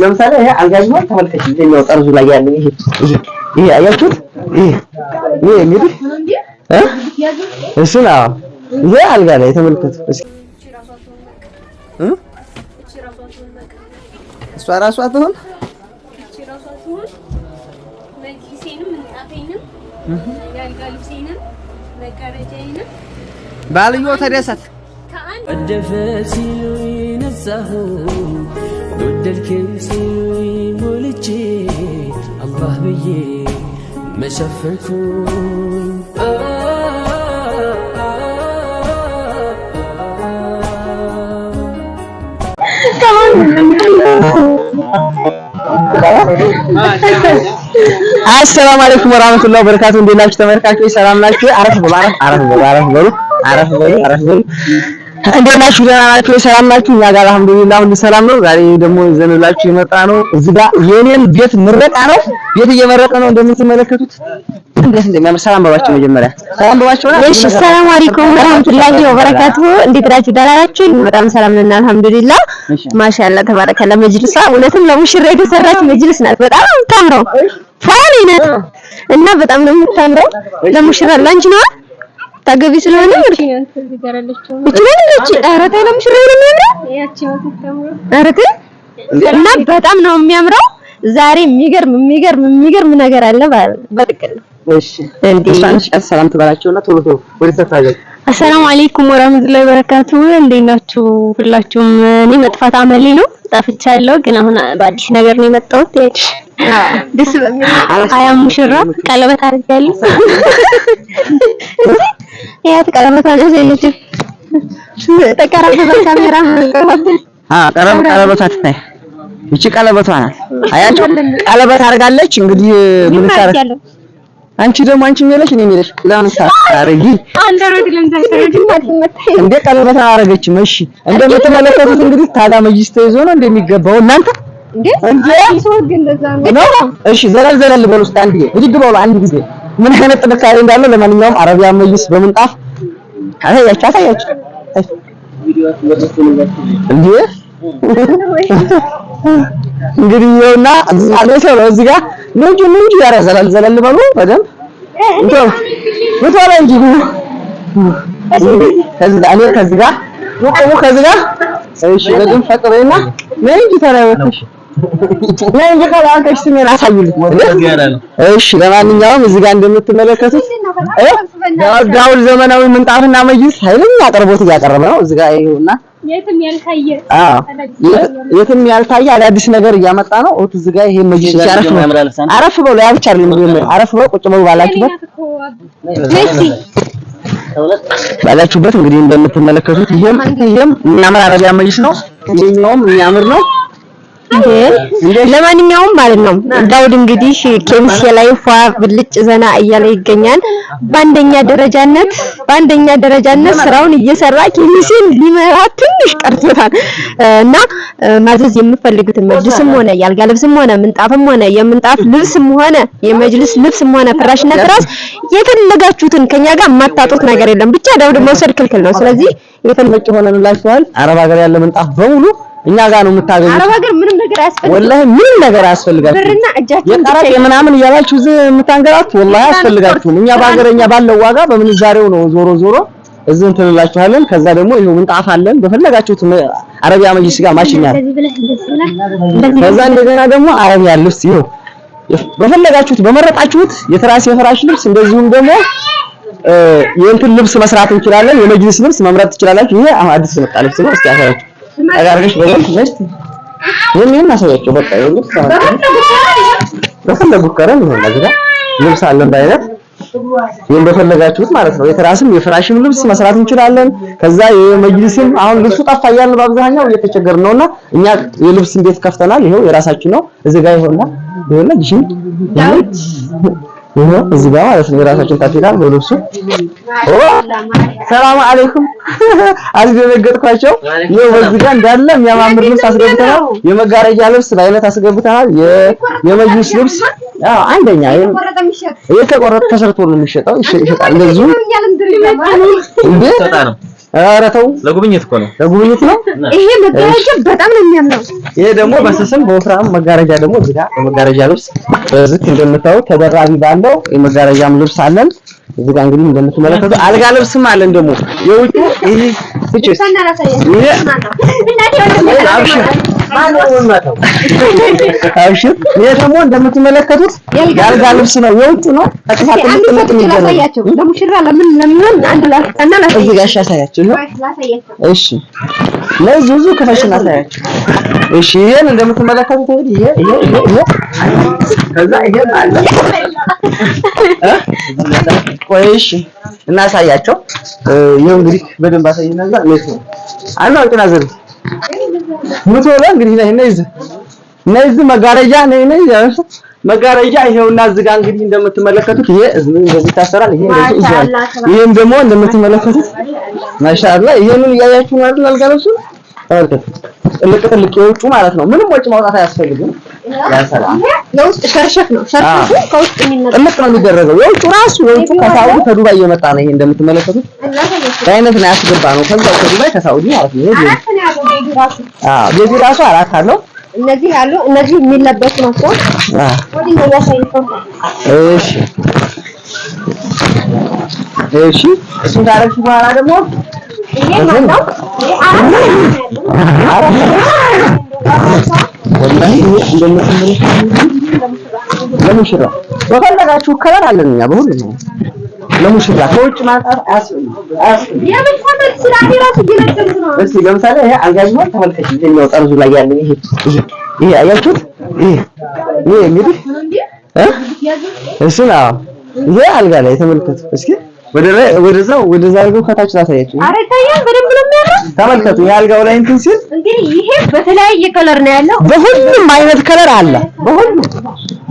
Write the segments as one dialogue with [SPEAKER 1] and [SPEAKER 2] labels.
[SPEAKER 1] ለምሳሌ ይሄ አንጋጅመንት ተመልከች፣ ይሄኛው ጠርዙ ላይ ያለ ይሄ ይሄ አያችሁት? ይሄ ይሄ እንግዲህ እ እሱ ነው። ይሄ አልጋ ላይ ተመልከቱ እስኪ እ እሷ ራሷ ትሆን ባልዮ ተደሰት በደልከኝ ስኝ ሞልቼ አላህ ብዬ መሸፈንኩኝ አሰላሙ አለይኩም ወራህመቱላሂ ወበረካቱ። እንዴት ናችሁ ተመልካቾች? ሰላም ናችሁ? አረፍ በሉ አረፍ በሉ አረፍ በሉ አረፍ በሉ አረፍ በሉ እንዴት ናችሁ? ደህና ናችሁ? ሰላም ናችሁ? እኛ ጋር አልሐምዱሊላህ ሁሉ ሰላም ነው። ዛሬ ደግሞ ዘንላችሁ የመጣ ነው እዚህ ጋር የኔን ቤት ምረቃ ነው። ቤት እየመረቀ ነው እንደምትመለከቱት። እንዴት እንደሚያምር ሰላም በሏቸው። መጀመሪያ ሰላም በሏቸው። እሺ፣ ሰላም አለይኩም ወራህመቱላሂ ወበረካቱ። እንዴት ናችሁ? ደህና ናችሁ? በጣም ሰላም ነን አልሐምዱሊላህ። ማሻአላህ ተባረከላ። መጅልሷ እውነትም ለሙሽራ የተሰራች መጅልስ ናት። በጣም ታምረው ፋኒ ናት እና በጣም ነው የምታምረው ለሙሽራ ላንቺ ነው ታገቢ ስለሆነ ወርቂ እና በጣም ነው የሚያምረው። ዛሬ የሚገርም የሚገርም የሚገርም ነገር አለ በጥቅል ሰላም ትበላቸውና ቶሎ ቶሎ ወደ ተታገል አሰላሙ አለይኩም ወራህመቱላሂ ወበረካቱ። እንዴት ናችሁ ሁላችሁም? እኔ መጥፋት አመሌ ነው ጠፍቻለሁ፣ ግን አሁን በአዲስ ነገር ነው የመጣሁት። ደስ በሚል አያ ሙሽራ ቀለበት አድርጋለሁ ያት ቀረበታለች አይነች ተቀረበታ ካሜራ ቀለበቷ ትታይ። እቺ ቀለበቷ ናት። አያችሁ ቀለበት አድርጋለች። እንግዲህ ምን ታረግ አንቺ ደግሞ አንቺ ምን እኔ ምን ለምን ታረጊ? እንደ ቀለበት አላደረገችም። እሺ እንደምትመለከቱት እንግዲህ ታዲያ መጅስ ተይዞ ነው እንደሚገባው እናንተ እንዴ እንዴ እሺ ዘለል ዘለል በሉ። አንድ ጊዜ ብድግ በሉ አንድ ጊዜ ምን አይነት ጥንካሬ እንዳለው ለማንኛውም አረቢያን መጅሊስ በምንጣፍ አያችሁ አታያችሁ እንዴ እንግዲህ ይኸውና አድረሰ ነው እዚህ ጋር ምንጭ ምንጭ ያረዘላል ዘላል በሉ በደንብ እንዴው ወጣላ እንጂ ከዚህ ጋር ከዚህ ጋር ከዚህ ጋር እሺ በደንብ ፈቅበይና ምንጭ ወጥሽ ነው ለምን ከላከሽ ምን አሳዩልኝ። ያለ እሺ ለማንኛውም እዚህ ጋር እንደምትመለከቱት ዳውል ዘመናዊ ምንጣፍና መይስ ኃይለኛ አቅርቦት እያቀረበ ነው። እዚህ ጋር ይኸውና የትም ያልታየ አዎ የትም አዳዲስ ነገር እያመጣ ነው። እህቱ እዚህ ጋር ይሄ መጅልስ ያረፍ ነው አረፍ በሉ ያ ነው። አይደለም አረፍ በሉ ቁጭ በሉ ባላችሁበት ባላችሁበት እንግዲህ እንደምትመለከቱት ይሄም ይሄም የሚያምር አረቢያ መጅልስ ነው። ይሄኛውም የሚያምር ነው። ለማንኛውም ማለት ነው ዳውድ እንግዲህ ኬሚሴ ላይ ፏ ብልጭ ዘና እያለ ይገኛል። በአንደኛ ደረጃነት በአንደኛ ደረጃነት ስራውን እየሰራ ኬሚሴን ሊመራ ትንሽ ቀርቶታል እና ማዘዝ የምፈልጉትን መጅልስም ሆነ ያልጋ ልብስም ሆነ ምንጣፍም ሆነ የምንጣፍ ልብስም ሆነ የመጅልስ ልብስም ሆነ ፍራሽና ትራስ የፈለጋችሁትን ከኛ ጋር የማታጡት ነገር የለም። ብቻ ዳውድ መውሰድ ክልክል ነው። ስለዚህ የፈለጭ ሆነንላችኋል። አረብ ሀገር ያለ ምንጣፍ በሙሉ እኛ ጋር ነው የምታገኙት። አረብ ሀገር ምንም ነገር አያስፈልግም፣ ወላሂ ምንም ነገር አያስፈልጋችሁም። ብርና እጃችሁ የቀረጥ ምናምን እያላችሁ እዚህ የምታንገራችሁ ወላሂ አያስፈልጋችሁም። እኛ በሀገረኛ ባለው ዋጋ በምንዛሬው ነው ዞሮ ዞሮ እዚህ እንትን ከዛ ደግሞ ይሄው ምንጣፍ አለን፣ በፈለጋችሁት አረቢያ መጅሊስ ጋር ማሽኛል። ከዛ እንደገና ደግሞ አረቢያ ልብስ ይሄው በፈለጋችሁት በመረጣችሁት የትራስ የፍራሽ ልብስ እንደዚሁም ደግሞ የእንትን ልብስ መስራት እንችላለን። የመጅሊስ ልብስ መምረጥ ትችላላችሁ። ይሄ አዲስ መጣ ልብስ ነው። እስኪ አፈራችሁ አዳርገሽ በደንብ ነጭ የኔን አሳያቸው። በቃ የልብስ በፈለጉት ቀለም ይሆን ልብስ አለን በአይነት ይሄን በፈለጋችሁት ማለት ነው። የትራስም የፍራሽም ልብስ መስራት እንችላለን። ከዛ የመጅልስም አሁን ልብሱ ጠፋ እያልን በአብዛኛው እየተቸገርን ነውና እኛ የልብስ ቤት ከፍተናል። ይሄው የራሳችን ነው። እዚህ ጋር ይሆናል ይሆናል ነው እዚህ ጋር ማለት ነው። የራሳችን ካፒታል በልብሱ ሰላም አለይኩም አስደነገጥኳቸው። ይኸው በዚህ ጋር እንዳለ የሚያማምር ልብስ አስገብተናል። የመጋረጃ ልብስ በአይነት አስገብተናል። የመጅልስ ልብስ አዎ፣ አንደኛ የተቆረጠ ተሰርቶ ነው የሚሸጠው። ይሸጣል እንደዚሁ እንዴ ኧረ ተው፣ ለጉብኝት እኮ ነው፣ ለጉብኝት ነው። ይሄ መጋረጃ በጣም ነው የሚያምረው። ይሄ ደግሞ በስስም በወፍራም መጋረጃ ደግሞ እዚህ ጋር የመጋረጃ ልብስ በዚህ እንደምታዩት ተደራቢ ባለው የመጋረጃም ልብስ አለን። እዚህ ጋር እንግዲህ እንደምትመለከቱ አልጋ ልብስም አለን። ደግሞ የውጭ ይሄ ፍጭት እሺ ይሄ ደግሞ እንደምትመለከቱት የአልጋ ልብስ ነው፣ የውጭ ነው። ለሙሽራ ለምን ለምን አንድ ላስጠና እዚህ ጋር አሳያችሁ ነው። እሺ ለዚህ ብዙ ክፈሽን አሳያችሁ። እሺ ይሄን እንደምትመለከቱት እንግዲህ ይሄ ይሄ ይሄ ከዛ ይሄ አለ ቆይ እሺ፣ እናሳያቸው። ይሄው እንግዲህ በደንብ አሳይናዛ ነው አንዱ አንተና ዘር ሙቶ ነው እንግዲህ ነይ ነይ ነይ መጋረጃ ነይ ነይ መጋረጃ ይሄውና እዚህ ጋር እንግዲህ እንደምትመለከቱት ይሄ እንደዚህ ይታሰራል። ይሄ እንደዚህ ይዟል። ይሄም ደግሞ እንደምትመለከቱት ማሻአላ ይሄንን እያያችሁ ነው አይደል? አልጋለሱ ተመልከቱ። ጥልቅ ጥልቅ የውጭ ማለት ነው። ምንም ወጪ ማውጣት አያስፈልግም። ያሰራል። የውስጥ ሸርሸፍ ነው። ሸርሸፉ ከውስጥ የሚመጣ ጥልቅ ነው የሚደረገው። የውጭ ራሱ የውጭ ከሳውዲ ከዱባይ እየመጣ ነው። ይሄ እንደምትመለከቱት አይነት ነው ያስገባ ነው። ከዛው ከዱባይ ከሳውዲ ማለት ነው። ይሄ ቤቱ ራሱ አራት አለው። እነዚህ አሉ። እነዚህ የሚለበሱ ናቸው። እሺ፣ እሺ። እሱን ካረግሽ በኋላ ደግሞ ለሙሽራው በፈለጋችሁ ከለር አለን እኛ ለሙሽራ ከውጭ ማጣት ለምሳሌ ይሄ አንጋጅማ ተመልከች፣ ጠርዙ ላይ ያለው ይሄ ይሄ አያችሁት? ይሄ ይሄ እንግዲህ እሱን አዎ፣ ይሄ አልጋ ላይ ተመልከቱ እስኪ ወደዛ ወደዛ አድርገው ከታች ላሳያችሁ። ይታያል በደንብ ነው የሚያምረው። ተመልከቱ የአልጋው ላይ እንትን ሲል እንግዲህ ይሄ በተለያየ ከለር ነው ያለው። በሁሉም አይነት ከለር አለ። በሁሉም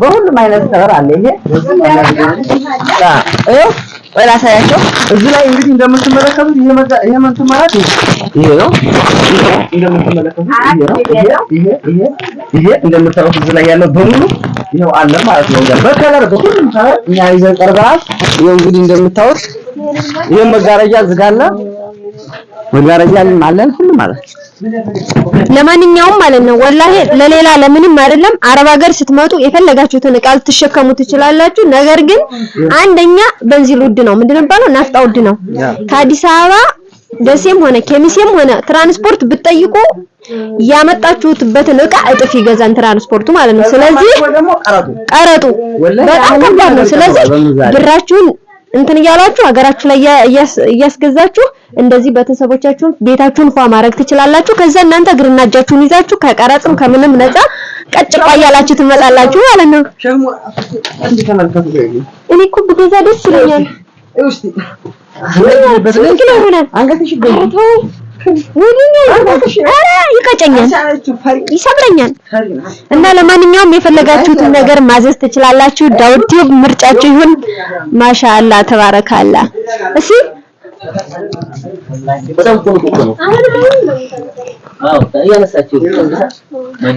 [SPEAKER 1] በሁሉም አይነት ከለር አለ። ይሄ ራሳያቸው እዚህ ላይ እንግዲህ እንደምትመለከቱት ይሄ ነው ይሄ እዚህ ላይ ያለው በሙሉ ይሄው አለ ማለት ነው። በከለር በሁሉም ከለር እኛ ይዘን ቀርበናል። ይሄው እንግዲህ ይሄ መጋረጃ እዚህ ጋር አለ። መጋረጃ አለን ማለት ነው። ለማንኛውም ማለት ነው ወላሂ ለሌላ ለምንም አይደለም። አረብ ሀገር ስትመጡ የፈለጋችሁትን እቃ ልትሸከሙ ትችላላችሁ። ነገር ግን አንደኛ በንዚል ውድ ነው፣ ምንድን ነው የሚባለው ናፍጣ ውድ ነው። ከአዲስ አበባ ደሴም ሆነ ኬሚሴም ሆነ ትራንስፖርት ብትጠይቁ ያመጣችሁትበትን እቃ እጥፍ ይገዛን ትራንስፖርቱ ማለት ነው። ስለዚህ ቀረጡ በጣም ከባድ ነው። ስለዚህ ብራችሁን እንትን እያላችሁ ሀገራችሁ ላይ እያስገዛችሁ እንደዚህ ቤተሰቦቻችሁን ቤታችሁን ፏ ማድረግ ትችላላችሁ። ከዛ እናንተ እግርና እጃችሁን ይዛችሁ ከቀረጽም ከምንም ነፃ ቀጭ ያላችሁ ትመጣላችሁ ማለት ነው። እኔ እኮ ብገዛ ደስ ይለኛል። ይቀጨኛል፣ ይሰብረኛል። እና ለማንኛውም የፈለጋችሁትን ነገር ማዘዝ ትችላላችሁ። ዳውድ ቲዩብ ምርጫችሁ ይሁን። ማሻአላ ተባረካላ። እሺ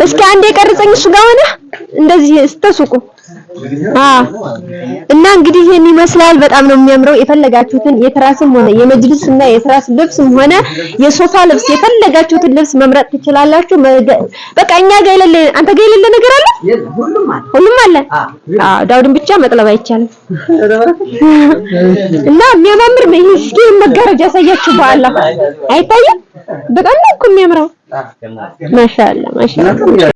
[SPEAKER 1] እስኪ አንዴ ቀርጸኝ እሱ ጋር ሆነ እንደዚህ ስተሱቁ እና እንግዲህ ይሄን ይመስላል። በጣም ነው የሚያምረው። የፈለጋችሁትን የትራስም ሆነ የመጅልስ እና የትራስ ልብስም ሆነ የሶፋ ልብስ የፈለጋችሁትን ልብስ መምረጥ ትችላላችሁ። በቃ እኛ ጋር የሌለ አንተ ጋር የሌለ ነገር አለ፣ ሁሉም አለ። አዎ ዳውድን ብቻ መጥለብ አይቻልም። እና የሚያማምር ይሄ እስኪ መጋረጃ ያሳያችሁ በኋላ አይታይም። በጣም ነው እኮ የሚያምረው። ማሻአላ ማሻአላ